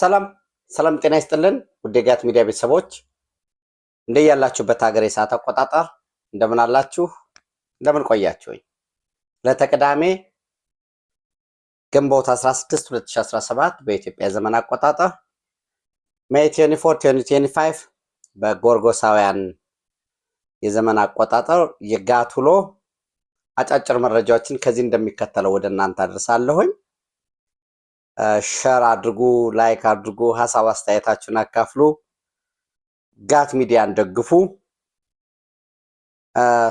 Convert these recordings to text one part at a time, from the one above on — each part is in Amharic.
ሰላም ሰላም፣ ጤና ይስጥልን ውድ የጋት ሚዲያ ቤተሰቦች እንደያላችሁበት ሀገር የሰዓት አቆጣጠር እንደምን አላችሁ? እንደምን ቆያችሁኝ? ለተቀዳሜ ግንቦት 16 2017 በኢትዮጵያ ዘመን አቆጣጠር ሜይ 24 2025 በጎርጎሳውያን የዘመን አቆጣጠር የጋት ውሎ አጫጭር መረጃዎችን ከዚህ እንደሚከተለው ወደ እናንተ አድርሳለሁኝ። ሸር አድርጉ፣ ላይክ አድርጉ፣ ሀሳብ አስተያየታችሁን አካፍሉ፣ ጋት ሚዲያን ደግፉ፣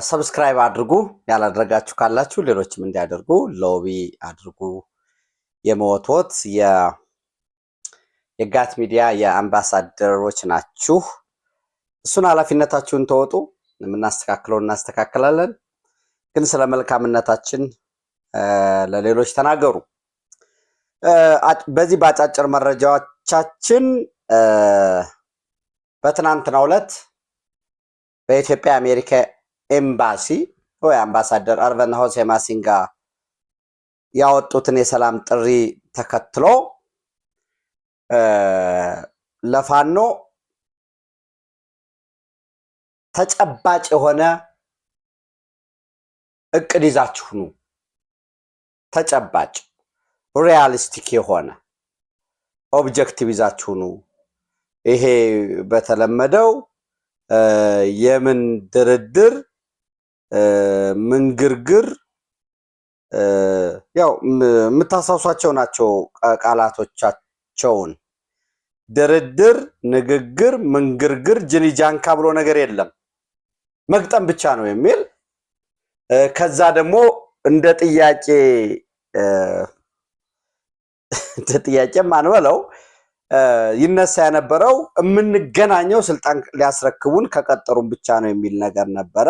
ሰብስክራይብ አድርጉ ያላደረጋችሁ ካላችሁ ሌሎችም እንዲያደርጉ ሎቢ አድርጉ። የመወትወት የጋት ሚዲያ የአምባሳደሮች ናችሁ። እሱን ኃላፊነታችሁን ተወጡ። የምናስተካክለው እናስተካክላለን። ግን ስለ መልካምነታችን ለሌሎች ተናገሩ። በዚህ በአጫጭር መረጃዎቻችን በትናንትናው ዕለት በኢትዮጵያ አሜሪካ ኤምባሲ ወይ አምባሳደር አርቨን ሆሴ ማሲንጋ ያወጡትን የሰላም ጥሪ ተከትሎ ለፋኖ ተጨባጭ የሆነ እቅድ ይዛችሁ ኑ። ተጨባጭ ሪያሊስቲክ የሆነ ኦብጀክቲቭ ይዛችሁ ይሄ በተለመደው የምን ድርድር ምንግርግር ያው የምታሳውሷቸው ናቸው ቃላቶቻቸውን። ድርድር፣ ንግግር፣ ምንግርግር፣ ጃንካ ብሎ ነገር የለም መግጠም ብቻ ነው የሚል ከዛ ደግሞ እንደ ጥያቄ ጥያቄ ማንበለው ይነሳ የነበረው የምንገናኘው ስልጣን ሊያስረክቡን ከቀጠሩን ብቻ ነው የሚል ነገር ነበረ።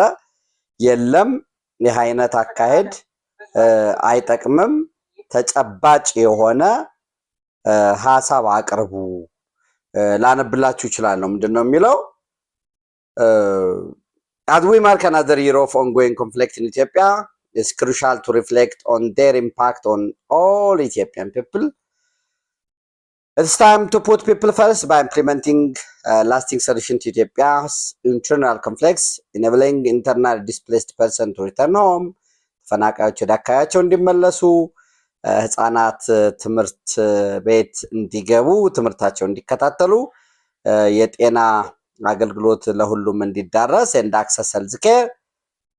የለም ይህ አይነት አካሄድ አይጠቅምም፣ ተጨባጭ የሆነ ሀሳብ አቅርቡ። ላነብላችሁ ይችላለሁ። ምንድን ነው የሚለው? አዝ ዊ ማርክ አናዘር ይር ኦፍ ኦንጎይንግ ኮንፍሊክት ኢን ኢትዮጵያ is crucial to reflect on their impact on all Ethiopian people. It's time to put people first by implementing a lasting solution to Ethiopia's internal conflicts, enabling internal displaced person to return home, ተፈናቃዮች ወደ አካባቢያቸው እንዲመለሱ፣ ህፃናት ትምህርት ቤት እንዲገቡ፣ ትምህርታቸው እንዲከታተሉ፣ የጤና አገልግሎት ለሁሉም እንዲዳረስ ኤንድ አክሰስ ሄልዝ ኬር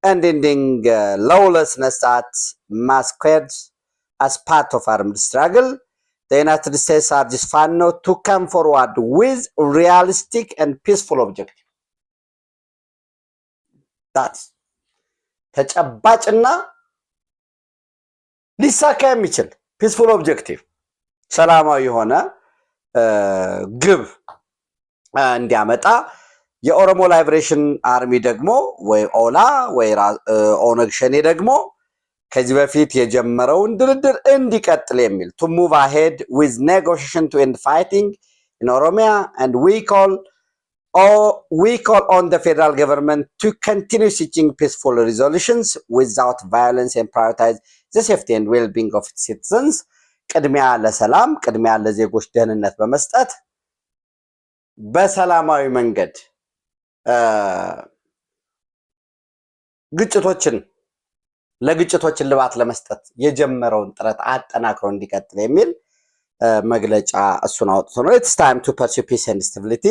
ending uh, lawlessness at masquerade as part of armed struggle, the United States urges FANO to come forward with realistic and peaceful objective. That ተጨባጭና ሊሳካ የሚችል ፒስፉል ኦብጀክቲቭ ሰላማዊ የሆነ ግብ እንዲያመጣ የኦሮሞ ላይብሬሽን አርሚ ደግሞ ወይ ኦላ ወይ ኦነግ ሸኔ ደግሞ ከዚህ በፊት የጀመረውን ድርድር እንዲቀጥል የሚል ቱ ሙቭ አሄድ ዊዝ ኔጎሽሽን ቱ ኤንድ ፋይቲንግ ኢን ኦሮሚያ ኤንድ ዊ ኮል ዊ ኮል ኦን ደ ፌደራል ገቨርንመንት ቱ ኮንቲኒ ሲቺንግ ፒስፉል ሪዞሉሽንስ ዊዛውት ቫዮለንስ ኤንድ ፕራዮሪታይዝ ዘ ሴፍቲ ኤንድ ዌልቢንግ ኦፍ ሲቲዘንስ ቅድሚያ ለሰላም ቅድሚያ ለዜጎች ደህንነት በመስጠት በሰላማዊ መንገድ ግጭቶችን ለግጭቶችን ልባት ለመስጠት የጀመረውን ጥረት አጠናክሮ እንዲቀጥል የሚል መግለጫ እሱን አውጥቶ ነው ኢትስ ታይም ቱ ፐርሱ ፒስ ኤንድ ስታቢሊቲ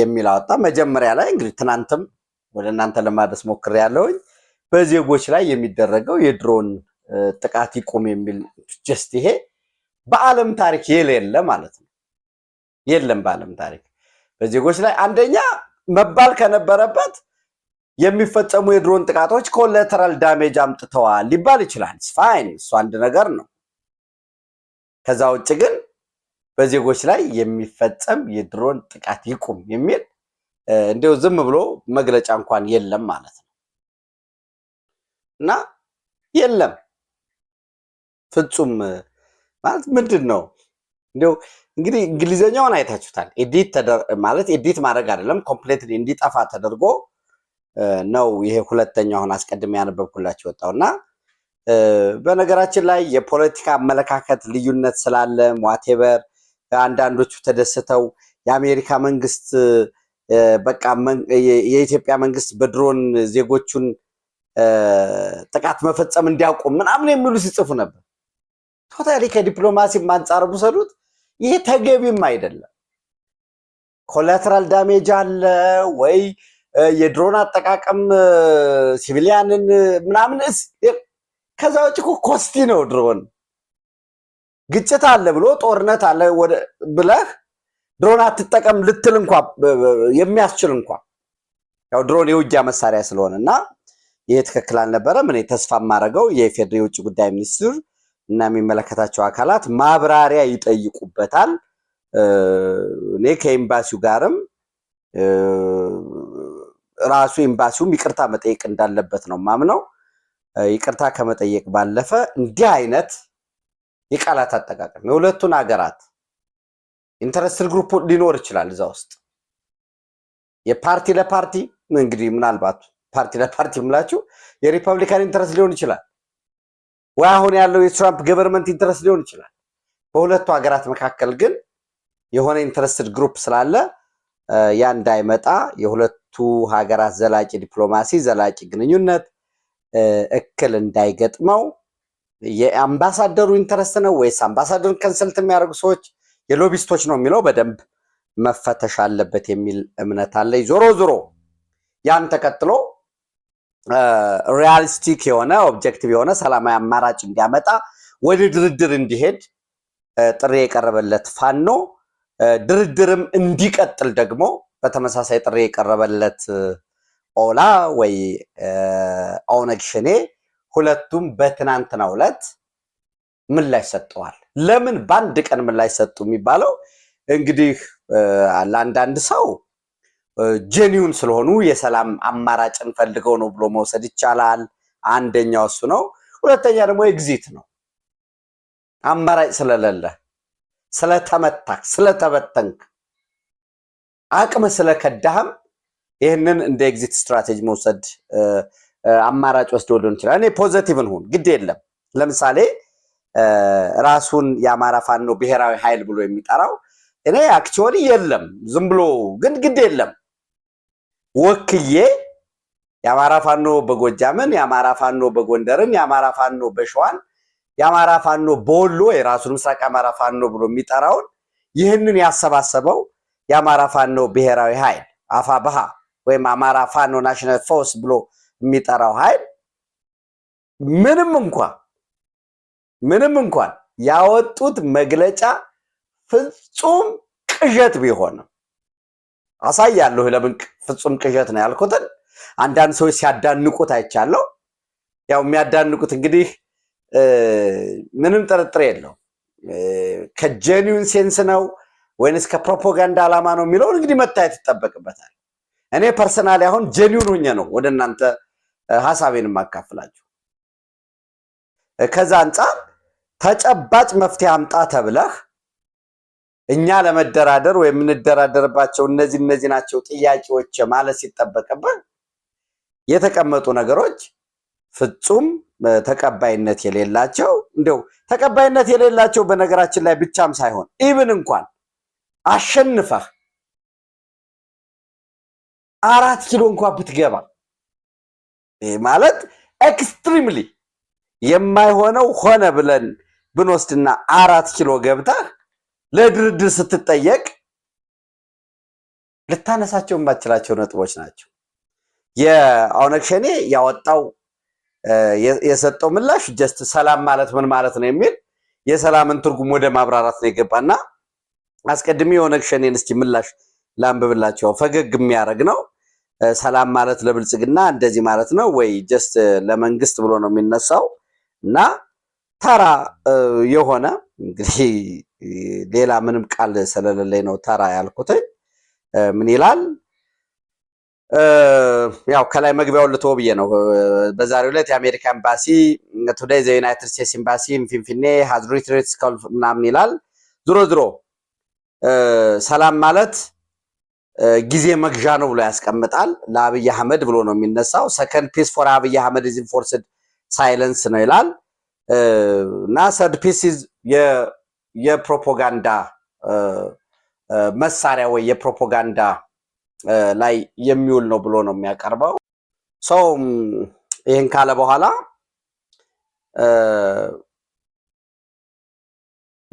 የሚል አወጣ። መጀመሪያ ላይ እንግዲህ ትናንትም ወደ እናንተ ለማድረስ ሞክር ያለውኝ በዜጎች ላይ የሚደረገው የድሮን ጥቃት ይቁም የሚል ጀስት ይሄ በዓለም ታሪክ የሌለ ማለት ነው። የለም በዓለም ታሪክ በዜጎች ላይ አንደኛ መባል ከነበረበት የሚፈጸሙ የድሮን ጥቃቶች ኮላተራል ዳሜጅ አምጥተዋል ሊባል ይችላል። ፋይን፣ እሱ አንድ ነገር ነው። ከዛ ውጭ ግን በዜጎች ላይ የሚፈጸም የድሮን ጥቃት ይቁም የሚል እንዲሁ ዝም ብሎ መግለጫ እንኳን የለም ማለት ነው እና የለም ፍጹም ማለት ምንድን ነው እንዲሁ እንግዲህ እንግሊዘኛውን አይታችሁታል። ኤዲት ማለት ኤዲት ማድረግ አይደለም፣ ኮምፕሌት እንዲጠፋ ተደርጎ ነው። ይሄ ሁለተኛውን አስቀድሜ ያነበብኩላችሁ ወጣው እና በነገራችን ላይ የፖለቲካ አመለካከት ልዩነት ስላለ ዋቴበር አንዳንዶቹ ተደስተው የአሜሪካ መንግስት በቃ የኢትዮጵያ መንግስት በድሮን ዜጎቹን ጥቃት መፈጸም እንዲያውቁም ምናምን የሚሉ ሲጽፉ ነበር። ቶታሊ ከዲፕሎማሲ አንጻር ውሰዱት። ይህ ተገቢም አይደለም። ኮላተራል ዳሜጅ አለ ወይ የድሮን አጠቃቀም ሲቪሊያንን ምናምን ከዛ ውጭ እኮ ኮስቲ ነው። ድሮን ግጭት አለ ብሎ ጦርነት አለ ብለህ ድሮን አትጠቀም ልትል እንኳ የሚያስችል እንኳ ያው ድሮን የውጊያ መሳሪያ ስለሆነ እና ይህ ትክክል አልነበረም። እኔ ተስፋ የማደርገው የኢፌዴሪ የውጭ ጉዳይ ሚኒስትር እና የሚመለከታቸው አካላት ማብራሪያ ይጠይቁበታል። እኔ ከኤምባሲው ጋርም ራሱ ኤምባሲውም ይቅርታ መጠየቅ እንዳለበት ነው ማምነው። ይቅርታ ከመጠየቅ ባለፈ እንዲህ አይነት የቃላት አጠቃቀም የሁለቱን ሀገራት ኢንተረስትድ ግሩፕ ሊኖር ይችላል እዛ ውስጥ የፓርቲ ለፓርቲ እንግዲህ ምናልባት ፓርቲ ለፓርቲ የምላችሁ የሪፐብሊካን ኢንተረስት ሊሆን ይችላል ወይ አሁን ያለው የትራምፕ ገቨርንመንት ኢንትረስት ሊሆን ይችላል። በሁለቱ ሀገራት መካከል ግን የሆነ ኢንትረስትድ ግሩፕ ስላለ ያ እንዳይመጣ የሁለቱ ሀገራት ዘላቂ ዲፕሎማሲ፣ ዘላቂ ግንኙነት እክል እንዳይገጥመው የአምባሳደሩ ኢንተረስት ነው ወይስ አምባሳደሩን ከንሰልት የሚያደርጉ ሰዎች የሎቢስቶች ነው የሚለው በደንብ መፈተሽ አለበት የሚል እምነት አለ። ዞሮ ዞሮ ያን ተከትሎ ሪያሊስቲክ የሆነ ኦብጀክቲቭ የሆነ ሰላማዊ አማራጭ እንዲያመጣ ወደ ድርድር እንዲሄድ ጥሪ የቀረበለት ፋኖ ድርድርም እንዲቀጥል ደግሞ በተመሳሳይ ጥሪ የቀረበለት ኦላ ወይ ኦነግ ሸኔ ሁለቱም በትናንትናው ዕለት ምላሽ ሰጠዋል። ለምን በአንድ ቀን ምላሽ ሰጡ የሚባለው እንግዲህ ለአንዳንድ ሰው ጄኒውን ስለሆኑ የሰላም አማራጭን ፈልገው ነው ብሎ መውሰድ ይቻላል። አንደኛው እሱ ነው። ሁለተኛ ደግሞ ኤግዚት ነው። አማራጭ ስለሌለ፣ ስለተመታክ፣ ስለተበተንክ፣ አቅም ስለከዳህም ይህንን እንደ ኤግዚት ስትራቴጂ መውሰድ አማራጭ ወስዶ ሊሆን ይችላል። እኔ ፖዘቲቭን ሁን ግድ የለም። ለምሳሌ ራሱን የአማራ ፋኖ ብሔራዊ ኃይል ብሎ የሚጠራው እኔ አክቹዋሊ የለም ዝም ብሎ ግን ግድ የለም ወክዬ የአማራ ፋኖ በጎጃምን፣ የአማራ ፋኖ በጎንደርን፣ የአማራ ፋኖ በሸዋን፣ የአማራ ፋኖ በወሎ የራሱን ምስራቅ አማራ ፋኖ ብሎ የሚጠራውን ይህንን ያሰባሰበው የአማራ ፋኖ ብሔራዊ ኃይል አፋብሃ ወይም አማራ ፋኖ ናሽናል ፎርስ ብሎ የሚጠራው ኃይል ምንም እንኳን ምንም እንኳን ያወጡት መግለጫ ፍጹም ቅዠት ቢሆንም አሳያለሁ። ለምን ፍጹም ቅዠት ነው ያልኩትን አንዳንድ ሰዎች ሲያዳንቁት አይቻለሁ። ያው የሚያዳንቁት እንግዲህ ምንም ጥርጥር የለው ከጄኒውን ሴንስ ነው ወይንስ ከፕሮፓጋንዳ ዓላማ ነው የሚለውን እንግዲህ መታየት ይጠበቅበታል። እኔ ፐርሰናሊ አሁን ጄኒውን ሆኜ ነው ወደ እናንተ ሀሳቤን የማካፍላችሁ። ከዛ አንጻር ተጨባጭ መፍትሄ አምጣ ተብለህ እኛ ለመደራደር ወይም የምንደራደርባቸው እነዚህ እነዚህ ናቸው ጥያቄዎች ማለት ሲጠበቅብህ የተቀመጡ ነገሮች ፍጹም ተቀባይነት የሌላቸው እንደው ተቀባይነት የሌላቸው በነገራችን ላይ ብቻም ሳይሆን ኢብን እንኳን አሸንፈህ አራት ኪሎ እንኳን ብትገባ ማለት ኤክስትሪምሊ የማይሆነው ሆነ ብለን ብንወስድና አራት ኪሎ ገብተህ ለድርድር ስትጠየቅ ልታነሳቸው የማትችላቸው ነጥቦች ናቸው። የኦነግ ሸኔ ያወጣው የሰጠው ምላሽ ጀስት ሰላም ማለት ምን ማለት ነው የሚል የሰላምን ትርጉም ወደ ማብራራት ነው የገባና አስቀድሜ የኦነግ ሸኔን እስቲ ምላሽ ላንብብላቸው። ፈገግ የሚያደርግ ነው። ሰላም ማለት ለብልጽግና እንደዚህ ማለት ነው ወይ ጀስት ለመንግስት ብሎ ነው የሚነሳው እና ተራ የሆነ እንግዲህ ሌላ ምንም ቃል ስለሌለኝ ነው ተራ ያልኩት። ምን ይላል? ያው ከላይ መግቢያውን ልቶ ብዬ ነው። በዛሬው ዕለት የአሜሪካ ኤምባሲ ቱዴይ ዘ ዩናይትድ ስቴትስ ኤምባሲ ፊንፊኔ ሀዝሪት ሬት ስኮልፍ ምናምን ይላል። ድሮ ድሮ ሰላም ማለት ጊዜ መግዣ ነው ብሎ ያስቀምጣል። ለአብይ አህመድ ብሎ ነው የሚነሳው። ሰከንድ ፒስ ፎር አብይ አህመድ ኢዝ ኢንፎርስድ ሳይለንስ ነው ይላል እና ሰርድ ፒስ የፕሮፓጋንዳ መሳሪያ ወይ የፕሮፓጋንዳ ላይ የሚውል ነው ብሎ ነው የሚያቀርበው። ሰው ይህን ካለ በኋላ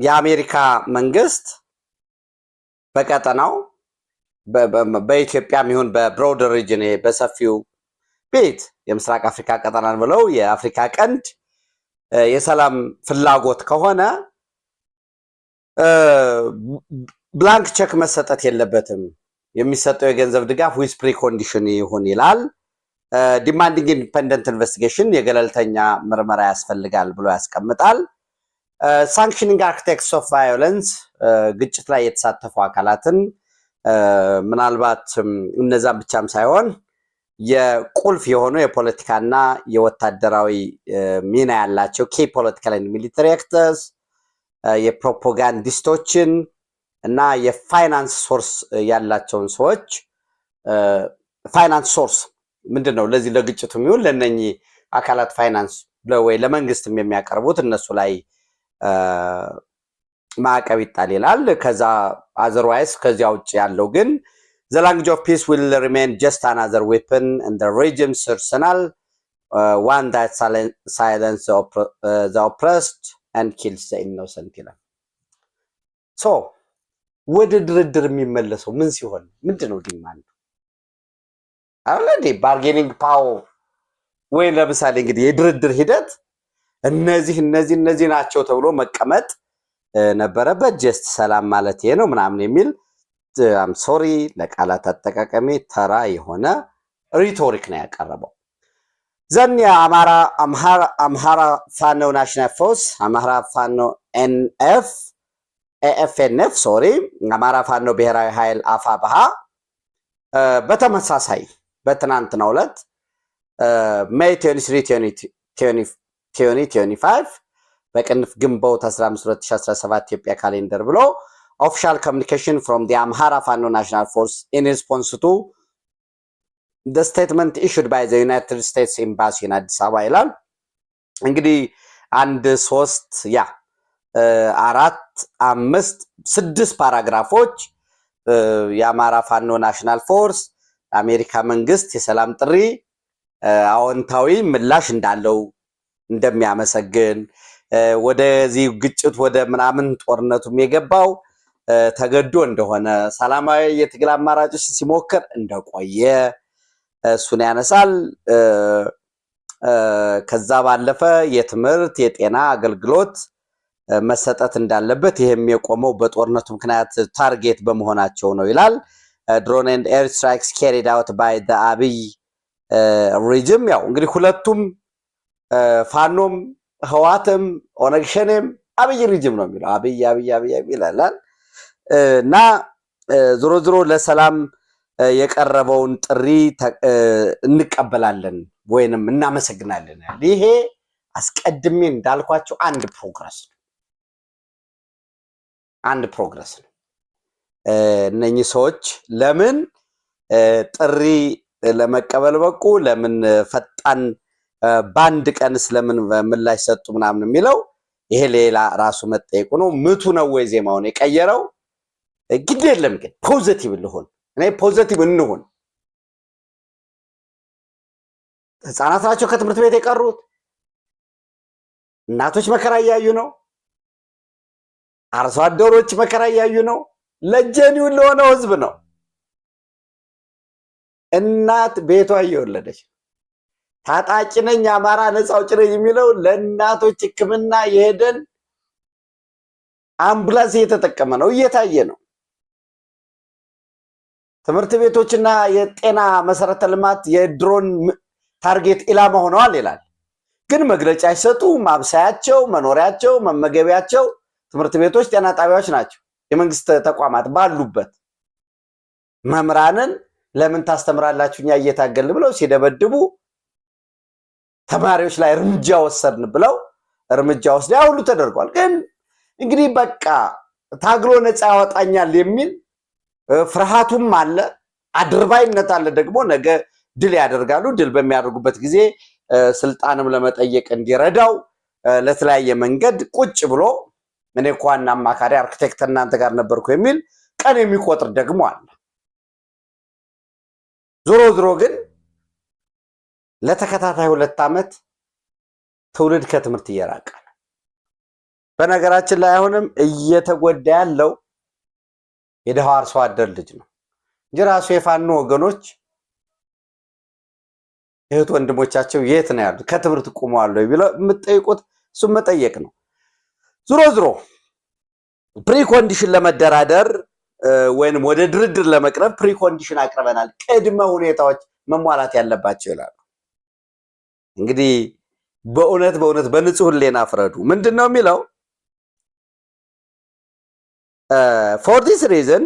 የአሜሪካ መንግስት በቀጠናው በኢትዮጵያም ይሁን በብሮደር ሪጅን በሰፊው ቤት የምስራቅ አፍሪካ ቀጠናን ብለው የአፍሪካ ቀንድ የሰላም ፍላጎት ከሆነ ብላንክ ቼክ መሰጠት የለበትም። የሚሰጠው የገንዘብ ድጋፍ ዊዝ ፕሪኮንዲሽን ይሁን ይላል። ዲማንዲንግ ኢንዲፐንደንት ኢንቨስቲጌሽን የገለልተኛ ምርመራ ያስፈልጋል ብሎ ያስቀምጣል። ሳንክሽኒንግ አርክቴክትስ ኦፍ ቫዮለንስ ግጭት ላይ የተሳተፉ አካላትን ምናልባት እነዛም ብቻም ሳይሆን የቁልፍ የሆኑ የፖለቲካና የወታደራዊ ሚና ያላቸው ኬ ፖለቲካል ሚሊተሪ አክተርስ የፕሮፓጋንዲስቶችን እና የፋይናንስ ሶርስ ያላቸውን ሰዎች ፋይናንስ ሶርስ ምንድን ነው? ለዚህ ለግጭቱ የሚሆን ለእነኚህ አካላት ፋይናንስ ወይ ለመንግስትም የሚያቀርቡት እነሱ ላይ ማዕቀብ ይጣል ይላል። ከዛ አዘርዋይስ ከዚያ ውጭ ያለው ግን ዘ ላንጉጅ ኦፍ ፒስ ዊል ሪሜን ጀስት አናዘር ዌፕን ኢን ዘ ሬጅምስ አርሰናል ዋን ዳት ሳይለንስ ዘ ኦፕረስድ አንድ ኪልስ ኢኖሰንት ይላል። ሶ ወደ ድርድር የሚመለሰው ምን ሲሆን ምንድን ነው ዲማንዱ? አሁን እንዴ ባርጌኒንግ ፓወር ወይ ለምሳሌ እንግዲህ የድርድር ሂደት እነዚህ እነዚህ እነዚህ ናቸው ተብሎ መቀመጥ ነበረበት። ጀስት ሰላም ማለት ይሄ ነው ምናምን የሚል አም ሶሪ ለቃላት አጠቃቀሜ ተራ የሆነ ሪቶሪክ ነው ያቀረበው። ዘን የአማራ አምሃራ ፋኖ ናሽናል ፎርስ አማራ ፋኖ ኤንኤፍ ኤኤፍኤንኤፍ ሶሪ አማራ ፋኖ ብሔራዊ ኃይል አፋ ባሃ በተመሳሳይ በትናንትናው ዕለት ሜይ 23 በቅንፍ ግንቦት 15 2017 ኢትዮጵያ ካሌንደር ብሎ ኦፊሻል ኮሚኒኬሽን ፍሮም ዲ አምሃራ ፋኖ ናሽናል ፎርስ ኢን ሪስፖንስ ቱ ስቴትመንት ኢሹድ ባይ ዘ ዩናይትድ ስቴትስ ኤምባሲ ኢን አዲስ አበባ ይላል። እንግዲህ አንድ ሶስት ያ አራት አምስት ስድስት ፓራግራፎች የአማራ ፋኖ ናሽናል ፎርስ አሜሪካ መንግስት የሰላም ጥሪ አዎንታዊ ምላሽ እንዳለው እንደሚያመሰግን ወደዚህ ግጭት ወደ ምናምን ጦርነቱም የገባው ተገዶ እንደሆነ ሰላማዊ የትግል አማራጮች ሲሞክር እንደቆየ እሱን ያነሳል። ከዛ ባለፈ የትምህርት የጤና አገልግሎት መሰጠት እንዳለበት ይህም የቆመው በጦርነቱ ምክንያት ታርጌት በመሆናቸው ነው ይላል። ድሮን ኤንድ ኤር ስትራይክስ ካሪድ አውት ባይ ዘ አብይ ሪጅም። ያው እንግዲህ ሁለቱም ፋኖም ህዋትም ኦነግ ሸኔም አብይ ሪጅም ነው የሚለው አብይ አብይ አብይ ይላል እና ዞሮ ዞሮ ለሰላም የቀረበውን ጥሪ እንቀበላለን ወይንም እናመሰግናለን። ይሄ አስቀድሜ እንዳልኳቸው አንድ ፕሮግረስ ነው፣ አንድ ፕሮግረስ ነው። እነኚህ ሰዎች ለምን ጥሪ ለመቀበል በቁ፣ ለምን ፈጣን በአንድ ቀንስ ለምን ምላሽ ሰጡ ምናምን የሚለው ይሄ ሌላ ራሱ መጠየቁ ነው። ምቱ ነው ወይ ዜማውን የቀየረው? ግድ የለም ግን ፖዘቲቭ ልሆን እኔ ፖዘቲቭ እንሁን። ህፃናት ናቸው ከትምህርት ቤት የቀሩት። እናቶች መከራ እያዩ ነው። አርሶ አደሮች መከራ እያዩ ነው። ለጀኒው ለሆነው ህዝብ ነው። እናት ቤቷ እየወለደች ታጣቂ ነኝ አማራ ነፃ አውጪ ነኝ የሚለው ለእናቶች ሕክምና የሄደን አምቡላንስ እየተጠቀመ ነው፣ እየታየ ነው። ትምህርት ቤቶችና የጤና መሰረተ ልማት የድሮን ታርጌት ኢላማ ሆነዋል ይላል። ግን መግለጫ አይሰጡ። ማብሰያቸው፣ መኖሪያቸው፣ መመገቢያቸው ትምህርት ቤቶች፣ ጤና ጣቢያዎች ናቸው። የመንግስት ተቋማት ባሉበት መምህራንን ለምን ታስተምራላችሁ እኛ እየታገል ብለው ሲደበድቡ ተማሪዎች ላይ እርምጃ ወሰድን ብለው እርምጃ ወስደ ሁሉ ተደርጓል። ግን እንግዲህ በቃ ታግሎ ነፃ ያወጣኛል የሚል ፍርሃቱም አለ፣ አድርባይነት አለ። ደግሞ ነገ ድል ያደርጋሉ። ድል በሚያደርጉበት ጊዜ ስልጣንም ለመጠየቅ እንዲረዳው ለተለያየ መንገድ ቁጭ ብሎ እኔ እኮ ዋና አማካሪ አርክቴክት እናንተ ጋር ነበርኩ የሚል ቀን የሚቆጥር ደግሞ አለ። ዞሮ ዞሮ ግን ለተከታታይ ሁለት ዓመት ትውልድ ከትምህርት እየራቀ በነገራችን ላይ አሁንም እየተጎዳ ያለው የድሃው አርሶ አደር ልጅ ነው እንጂ ራሱ የፋኖ ወገኖች እህት ወንድሞቻቸው የት ነው ያሉት? ከትምህርት ቁመዋል ብለው የምትጠይቁት እሱም መጠየቅ ነው። ዝሮ ፕሪ ፕሪኮንዲሽን ለመደራደር ወይንም ወደ ድርድር ለመቅረብ ፕሪኮንዲሽን አቅርበናል፣ ቅድመ ሁኔታዎች መሟላት ያለባቸው ይላሉ። እንግዲህ በእውነት በእውነት በንጹህ ሕሊና ፍረዱ። ምንድን ነው የሚለው ፎር ዲስ ሪዝን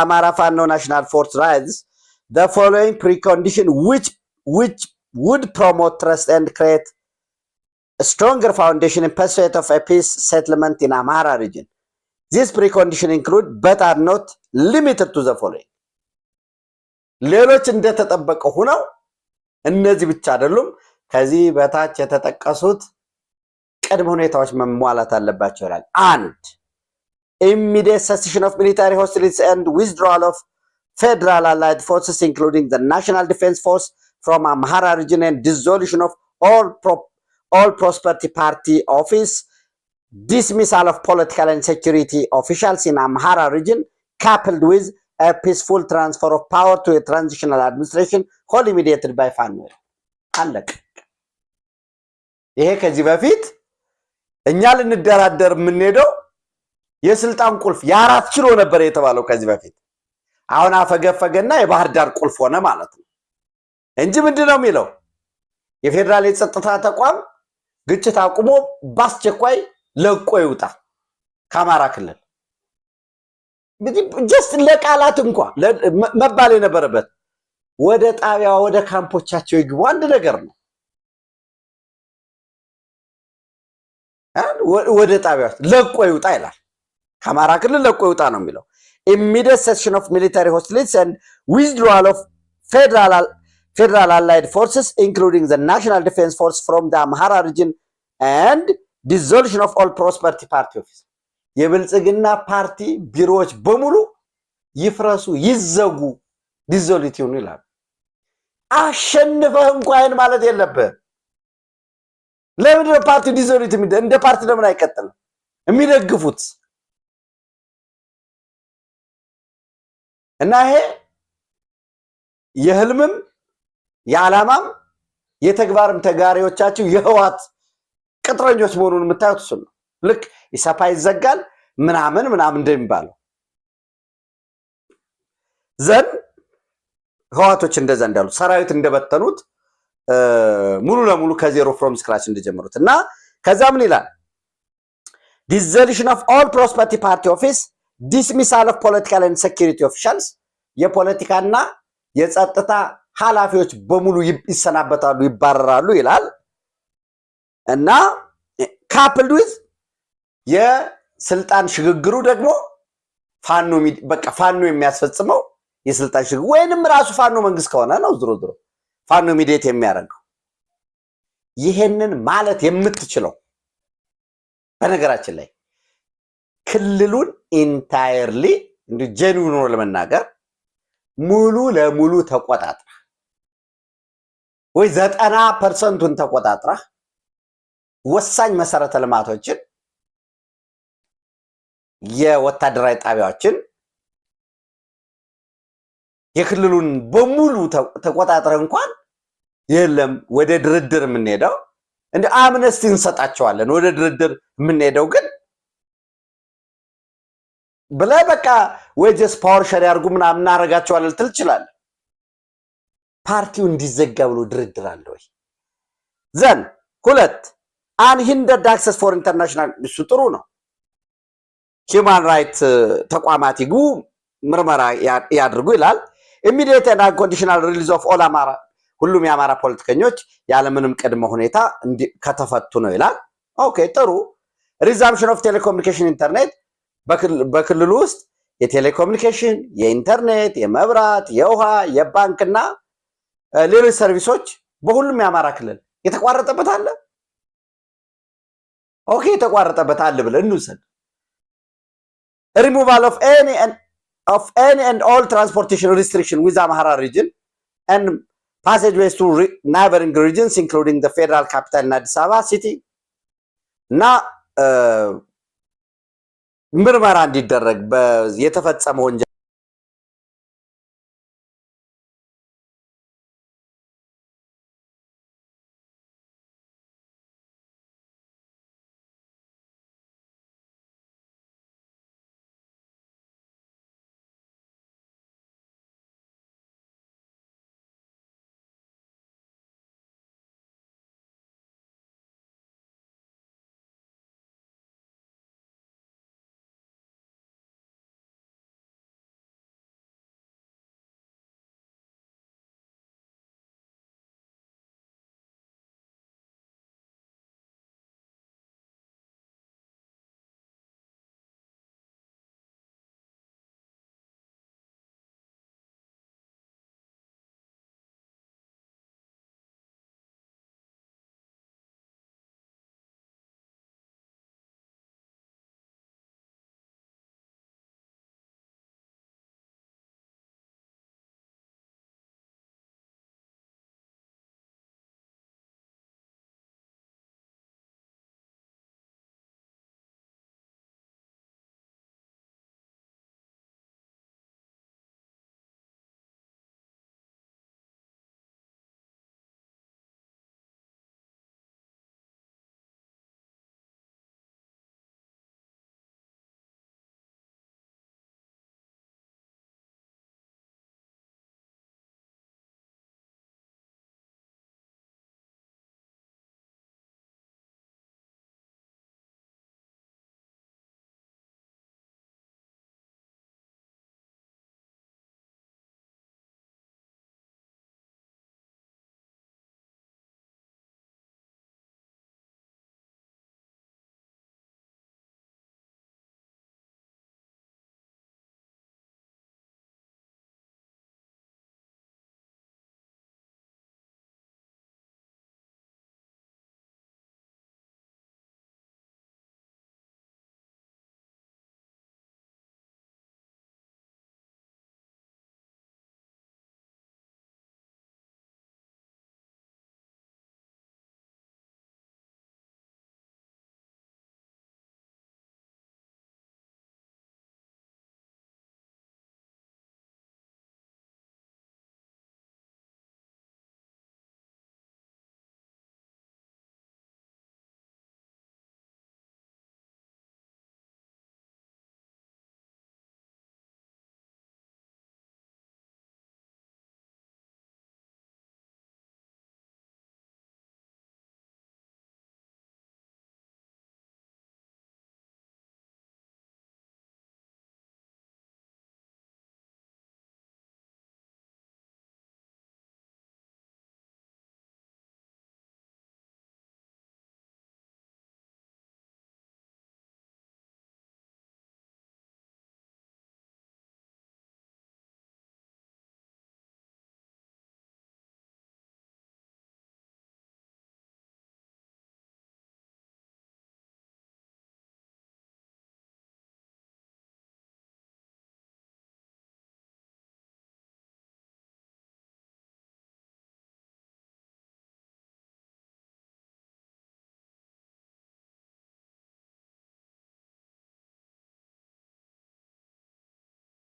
አማራ ፋኖ ናሽናል ፎርስ ራይዝ ዘ ፎሎዊንግ ፕሪኮንዲሽን ዊች ውድ ፕሮሞት ትረስት ኤንድ ክሬት ስtronger foundation in pursuit of a peace settlement in Amhara region. This precondition include but are not limited to the following. ሌሎች እንደተጠበቀ ሁነው እነዚህ ብቻ አይደሉም። ከዚህ በታች የተጠቀሱት ቅድመ ሁኔታዎች መሟላት አለባቸው ይላል። አንድ immediate cessation of military hostilities and withdrawal of federal allied forces, including the National Defense Force from Amhara region and dissolution of all, Pro all Prosperity Party office, dismissal of political and security officials in Amhara region, coupled with a peaceful transfer of power to a transitional administration all mediated by ፋኖ አለቅ። ይሄ ከዚህ በፊት እኛ ልንደራደር የምንሄደው የስልጣን ቁልፍ የአራት ኪሎ ነበር የተባለው ከዚህ በፊት። አሁን አፈገፈገና የባህር ዳር ቁልፍ ሆነ ማለት ነው እንጂ ምንድን ነው የሚለው የፌዴራል የጸጥታ ተቋም ግጭት አቁሞ በአስቸኳይ ለቆ ይውጣ ከአማራ ክልል። ጀስት ለቃላት እንኳ መባል የነበረበት ወደ ጣቢያ ወደ ካምፖቻቸው ይግቡ፣ አንድ ነገር ነው። ወደ ጣቢያ ለቆ ይውጣ ይላል። ከአማራ ክልል ለቆ ይውጣ ነው የሚለው። ኢሚዲየት ሰክሽን ኦፍ ሚሊታሪ ሆስቲሊቲስ ኤንድ ዊዝድሮዋል ኦፍ ፌደራል አላይድ ፎርስስ ኢንክሉዲንግ ዘ ናሽናል ዲፌንስ ፎርስ ፍሮም ዘ አምሃራ ሪጅን ኤንድ ዲዞሉሽን ኦፍ ኦል ፕሮስፐርቲ ፓርቲ ኦፊስ የብልጽግና ፓርቲ ቢሮዎች በሙሉ ይፍረሱ፣ ይዘጉ፣ ዲዞሉት ይሁኑ ይላሉ። አሸንፈህ እንኳን ማለት የለብህ። ለምንድነው ፓርቲው ዲዞሉት እንደ ፓርቲ ለምን አይቀጥልም የሚደግፉት? እና ይሄ የህልምም የዓላማም የተግባርም ተጋሪዎቻችሁ የህዋት ቅጥረኞች መሆኑን የምታዩት እሱን ነው። ልክ ኢሰፓ ይዘጋል ምናምን ምናምን እንደሚባለው ዘን ህዋቶች እንደዛ እንዳሉት ሰራዊት እንደበተኑት ሙሉ ለሙሉ ከዜሮ ፍሮም ስክራች እንደጀመሩት እና ከዛ ምን ይላል ዲዘሊሽን ኦፍ ኦል ፕሮስፐርቲ ፓርቲ ኦፊስ ዲስሚሳል ኦፍ ፖለቲካል ኤንድ ሴኪሪቲ ኦፊሻልስ የፖለቲካና የጸጥታ ኃላፊዎች በሙሉ ይሰናበታሉ፣ ይባረራሉ ይላል እና ካፕልድ ዊዝ የስልጣን ሽግግሩ ደግሞ ፋኖ በቃ ፋኖ የሚያስፈጽመው የስልጣን ሽግግር ወይንም ራሱ ፋኖ መንግስት ከሆነ ነው ዝሮ ዝሮ ፋኖ ሚዲየት የሚያደርገው ይሄንን ማለት የምትችለው በነገራችን ላይ ክልሉን ኢንታየርሊ እንዲ ጀኒውን ሆኖ ለመናገር ሙሉ ለሙሉ ተቆጣጥራ ወይ ዘጠና ፐርሰንቱን ተቆጣጥራ ወሳኝ መሰረተ ልማቶችን የወታደራዊ ጣቢያዎችን የክልሉን በሙሉ ተቆጣጥረ እንኳን የለም ወደ ድርድር የምንሄደው እንደ አምነስቲ እንሰጣቸዋለን። ወደ ድርድር የምንሄደው ግን ብለህ በቃ ወጀስ ፓወር ሸር ያርጉ ምናምን እናረጋቸዋለን ልትል ትችላለህ። ፓርቲው እንዲዘጋ ብሎ ድርድር አለ ወይ? ዘን ሁለት አንሂንደርድ አክሰስ ፎር ኢንተርናሽናል እሱ ጥሩ ነው። ሂውማን ራይት uh, ተቋማት ይግቡ ምርመራ ያድርጉ ይላል። ኢሚዲየት ን አንኮንዲሽናል ሪሊዝ ኦፍ ኦል አማራ ሁሉም የአማራ ፖለቲከኞች ያለምንም ቅድመ ሁኔታ ከተፈቱ ነው ይላል። ኦኬ ጥሩ ሪዛምሽን ኦፍ ቴሌኮሙኒኬሽን ኢንተርኔት በክልሉ ውስጥ የቴሌኮሙኒኬሽን፣ የኢንተርኔት፣ የመብራት፣ የውሃ፣ የባንክና ሌሎች ሰርቪሶች በሁሉም የአማራ ክልል የተቋረጠበት አለ። ኦኬ የተቋረጠበት አለ ብለን እንውሰድ። ሪሙቫል ኦፍ ኤኒ ኤንድ ኦል ትራንስፖርቴሽን ሪስትሪክሽን ዊዝ አምሃራ ሪጅን ኤንድ ፓሴጅዌይስ ቱ ናይበሪንግ ሪጅንስ ኢንክሉዲንግ ፌደራል ካፒታል እና አዲስ አበባ ሲቲ እና ምርመራ እንዲደረግ የተፈጸመ ወንጀል